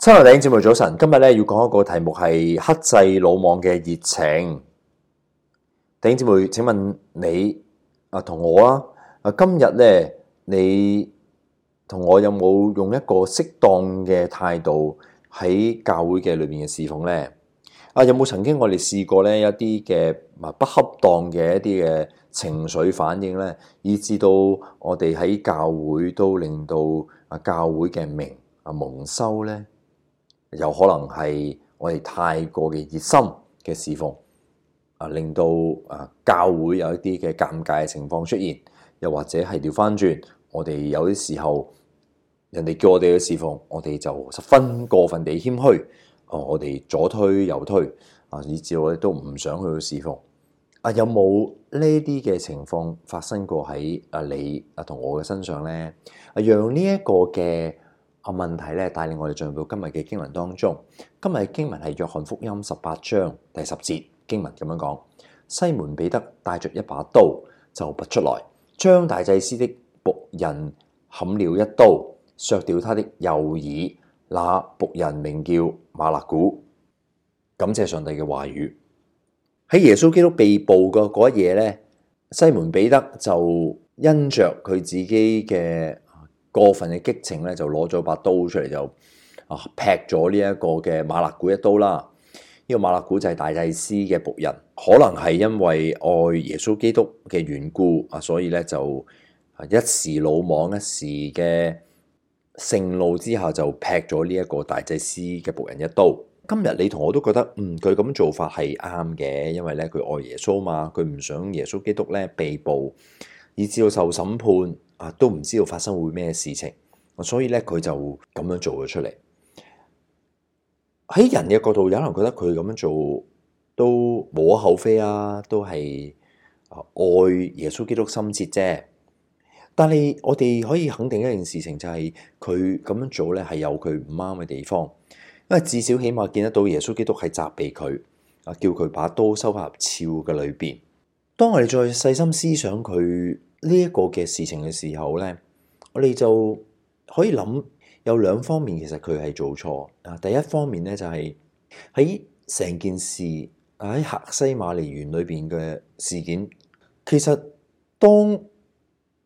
親愛嘅弟兄姐妹早晨，今日咧要講一個題目係克制魯莽嘅熱情。弟兄姐妹，請問你啊同我啊，啊今日咧你同我有冇用一個適當嘅態度喺教會嘅裏面嘅侍奉咧？啊有冇曾經我哋試過咧一啲嘅啊不恰當嘅一啲嘅情緒反應咧，以至到我哋喺教會都令到啊教會嘅名啊蒙羞咧？有可能係我哋太過嘅熱心嘅侍奉，啊令到啊教會有一啲嘅尷尬嘅情況出現，又或者係調翻轉，我哋有啲時候人哋叫我哋去侍奉，我哋就十分過分地謙虛，哦，我哋左推右推啊，以至我哋都唔想去去侍奉。啊，有冇呢啲嘅情況發生過喺啊你啊同我嘅身上咧？啊，讓呢一個嘅。個問題咧，帶領我哋進入到今日嘅經文當中。今日經文係《約翰福音》十八章第十節，經文咁樣講：西門彼得帶着一把刀就拔出來，將大祭司的僕人砍了一刀，削掉他的右耳。那僕人名叫馬勒古。感謝上帝嘅話語。喺耶穌基督被捕嘅嗰一夜咧，西門彼得就因着佢自己嘅。過分嘅激情咧，就攞咗把刀出嚟就啊劈咗呢一個嘅馬勒古一刀啦。呢個馬勒古就係大祭司嘅僕人，可能係因為愛耶穌基督嘅緣故啊，所以咧就一時魯莽一時嘅盛怒之下就劈咗呢一個大祭司嘅僕人一刀。今日你同我都覺得嗯佢咁做法係啱嘅，因為咧佢愛耶穌嘛，佢唔想耶穌基督咧被捕，以至到受審判。啊，都唔知道發生會咩事情，所以咧佢就咁樣做咗出嚟。喺人嘅角度，有人覺得佢咁樣做都無可厚非啊，都係愛耶穌基督心切啫。但係我哋可以肯定一件事情、就是，就係佢咁樣做咧，係有佢唔啱嘅地方。因為至少起碼見得到耶穌基督係責備佢啊，叫佢把刀收返入鞘嘅裏邊。當我哋再細心思想佢。呢、這、一個嘅事情嘅時候咧，我哋就可以諗有兩方面，其實佢係做錯啊。第一方面咧就係喺成件事喺客西馬尼園裏邊嘅事件，其實當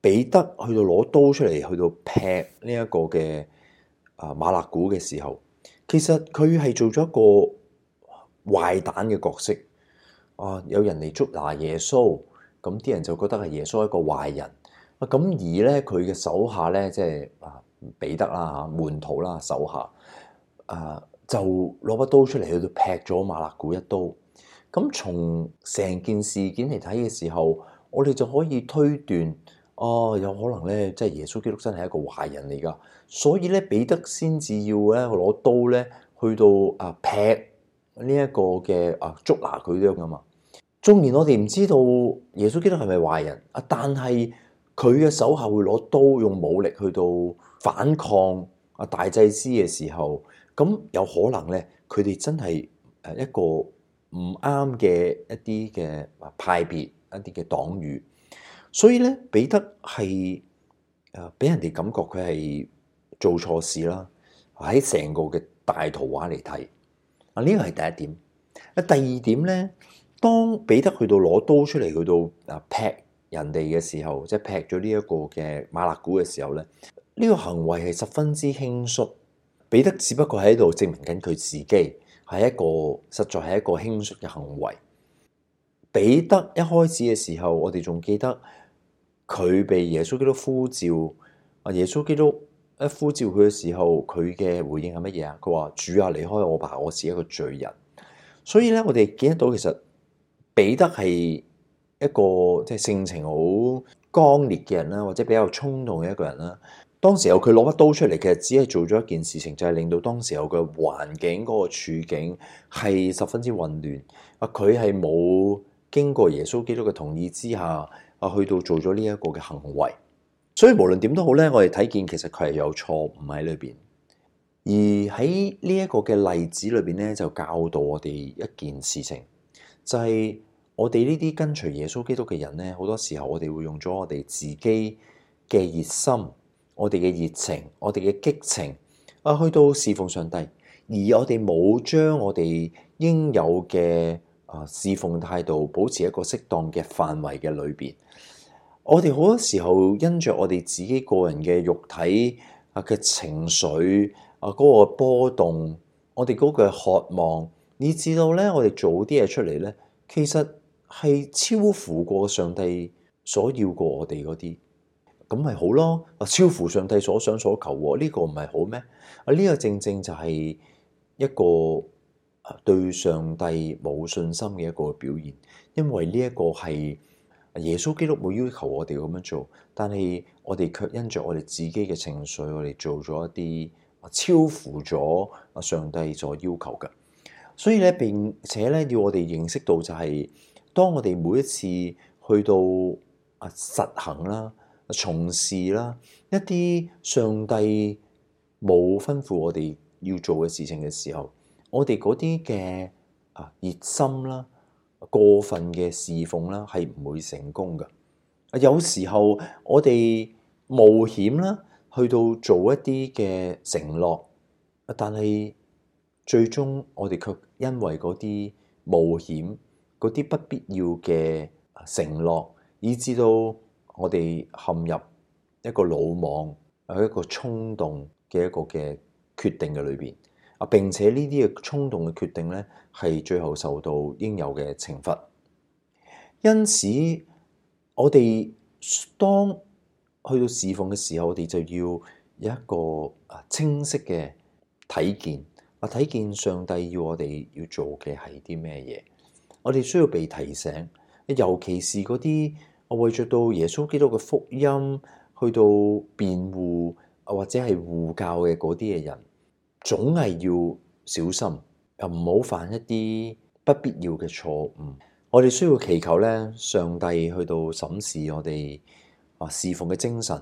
彼得去到攞刀出嚟去到劈呢一個嘅啊馬勒古嘅時候，其實佢係做咗一個壞蛋嘅角色啊！有人嚟捉拿耶穌。咁啲人就覺得係耶穌一個壞人啊！咁而咧佢嘅手下咧，即係啊彼得啦吓門徒啦手下啊，就攞把刀出嚟去到劈咗馬勒古一刀。咁從成件事件嚟睇嘅時候，我哋就可以推斷哦、啊，有可能咧即係耶穌基督真係一個壞人嚟噶。所以咧彼得先至要咧攞刀咧去到啊劈呢一個嘅啊捉拿佢啲咁嘛。縱然我哋唔知道耶穌基督係咪壞人啊，但係佢嘅手下會攞刀用武力去到反抗啊大祭司嘅時候，咁有可能咧，佢哋真係誒一個唔啱嘅一啲嘅派別一啲嘅黨羽，所以咧彼得係誒俾人哋感覺佢係做錯事啦，喺成個嘅大圖畫嚟睇啊呢個係第一點，啊第二點咧。當彼得去到攞刀出嚟去到啊劈人哋嘅時候，即係劈咗呢一個嘅馬勒古嘅時候咧，呢個行為係十分之輕率。彼得只不過喺度證明緊佢自己係一個實在係一個輕率嘅行為。彼得一開始嘅時候，我哋仲記得佢被耶穌基督呼召啊，耶穌基督一呼召佢嘅時候，佢嘅回應係乜嘢啊？佢話：主啊，離開我吧，我是一個罪人。所以咧，我哋見得到其實。彼得係一個即係性情好剛烈嘅人啦，或者比較衝動嘅一個人啦。當時候佢攞把刀出嚟，其實只係做咗一件事情，就係令到當時候嘅環境嗰個處境係十分之混亂。啊，佢係冇經過耶穌基督嘅同意之下，啊去到做咗呢一個嘅行為。所以無論點都好咧，我哋睇見其實佢係有錯誤喺裏邊。而喺呢一個嘅例子裏邊咧，就教導我哋一件事情。就係、是、我哋呢啲跟隨耶穌基督嘅人呢，好多時候我哋會用咗我哋自己嘅熱心、我哋嘅熱情、我哋嘅激情啊，去到侍奉上帝，而我哋冇將我哋應有嘅啊侍奉態度保持一個適當嘅範圍嘅裏邊。我哋好多時候因着我哋自己個人嘅肉體啊嘅情緒啊嗰個波動，我哋嗰個渴望。你知道咧，我哋做啲嘢出嚟咧，其實係超乎過上帝所要過我哋嗰啲，咁咪好咯。啊，超乎上帝所想所求，呢個唔係好咩？啊，呢個正正就係一個對上帝冇信心嘅一個表現，因為呢一個係耶穌基督冇要求我哋咁樣做，但係我哋卻因着我哋自己嘅情緒，我哋做咗一啲超乎咗上帝所要求嘅。所以咧，並且咧，要我哋認識到就係、是，當我哋每一次去到啊實行啦、從事啦一啲上帝冇吩咐我哋要做嘅事情嘅時候，我哋嗰啲嘅啊熱心啦、過分嘅侍奉啦，係唔會成功㗎。啊，有時候我哋冒險啦，去到做一啲嘅承諾，但係。最終，我哋卻因為嗰啲冒險、嗰啲不必要嘅承諾，以致到我哋陷入一個魯莽、一個衝動嘅一個嘅決定嘅裏邊。啊！並且呢啲嘅衝動嘅決定咧，係最後受到應有嘅懲罰。因此，我哋當去到侍奉嘅時候，我哋就要有一個啊清晰嘅睇見。睇見上帝要我哋要做嘅係啲咩嘢？我哋需要被提醒，尤其是嗰啲我為著到耶穌基督嘅福音去到辯護或者係護教嘅嗰啲嘅人，總係要小心，又唔好犯一啲不必要嘅錯誤。我哋需要祈求咧，上帝去到審視我哋啊侍奉嘅精神，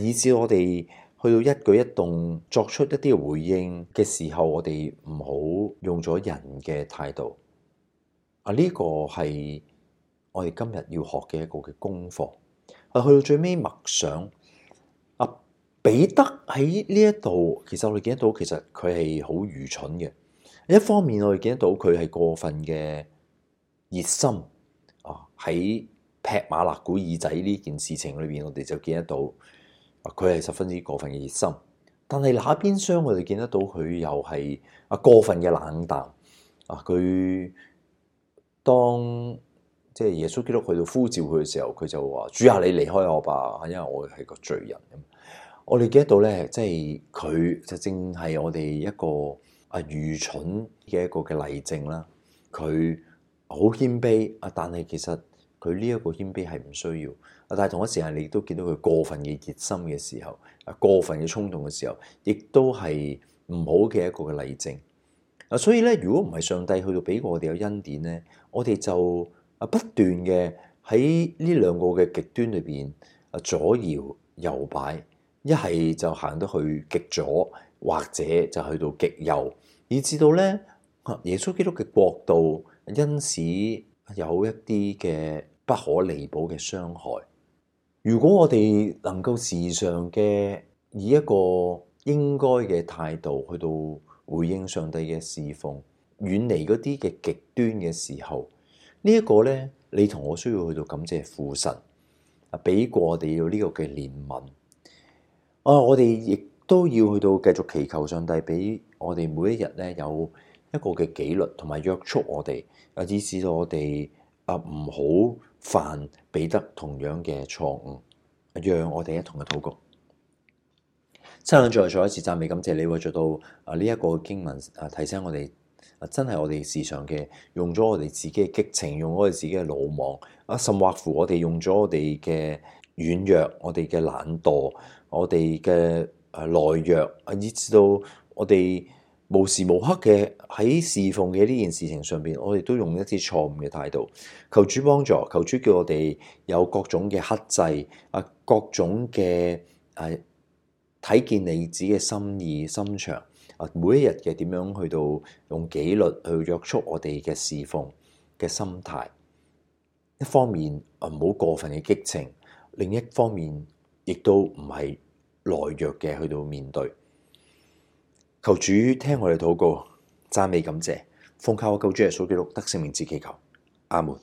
以至我哋。去到一舉一動作出一啲回應嘅時候，我哋唔好用咗人嘅態度。啊，呢個係我哋今日要學嘅一個嘅功課。啊，去到最尾默想啊，彼得喺呢一度，其實我哋見得到，其實佢係好愚蠢嘅。一方面我哋見得到佢係過分嘅熱心啊，喺劈馬勒古耳仔呢件事情裏邊，我哋就見得到。佢係十分之過分嘅熱心，但係那邊廂我哋見得到佢又係啊過分嘅冷淡啊！佢當即係耶穌基督去到呼召佢嘅時候，佢就話：主啊，你離開我吧，因為我係個罪人。咁我哋記得到咧，即係佢就正係我哋一個啊愚蠢嘅一個嘅例證啦。佢好謙卑啊，但係其實。佢呢一個謙卑係唔需要，啊！但係同一時間，你都見到佢過分嘅熱心嘅時候，啊過分嘅衝動嘅時候，亦都係唔好嘅一個嘅例證。啊！所以咧，如果唔係上帝去到俾我哋有恩典咧，我哋就啊不斷嘅喺呢兩個嘅極端裏邊啊左搖右擺，一係就行到去極左，或者就去到極右，以至到咧耶穌基督嘅國度因此有一啲嘅。不可彌補嘅傷害。如果我哋能夠時常嘅以一個應該嘅態度去到回應上帝嘅侍奉，遠離嗰啲嘅極端嘅時候，呢一個呢，你同我需要去到感謝父神啊，俾過我哋要呢個嘅憐憫啊。我哋亦都要去到繼續祈求上帝俾我哋每一日呢有一個嘅紀律同埋約束我哋啊，以致到我哋啊唔好。犯彼得同樣嘅錯誤，讓我哋一同嘅禱告。親，再再一次讚美感謝你，會做到啊呢一個經文啊，提醒我哋、啊、真係我哋時常嘅用咗我哋自己嘅激情，用咗我哋自己嘅魯莽啊，甚或乎我哋用咗我哋嘅軟弱，我哋嘅懶惰，我哋嘅懦弱啊，以至到我哋。無時無刻嘅喺侍奉嘅呢件事情上邊，我哋都用一啲錯誤嘅態度。求主幫助，求主叫我哋有各種嘅克制啊，各種嘅誒睇見你自己嘅心意心腸啊，每一日嘅點樣去到用紀律去約束我哋嘅侍奉嘅心態。一方面啊，唔好過分嘅激情；另一方面，亦都唔係懦弱嘅去到面對。求主聽我哋禱告，讚美感謝，奉靠我救主耶穌基督得勝名字祈求，阿門。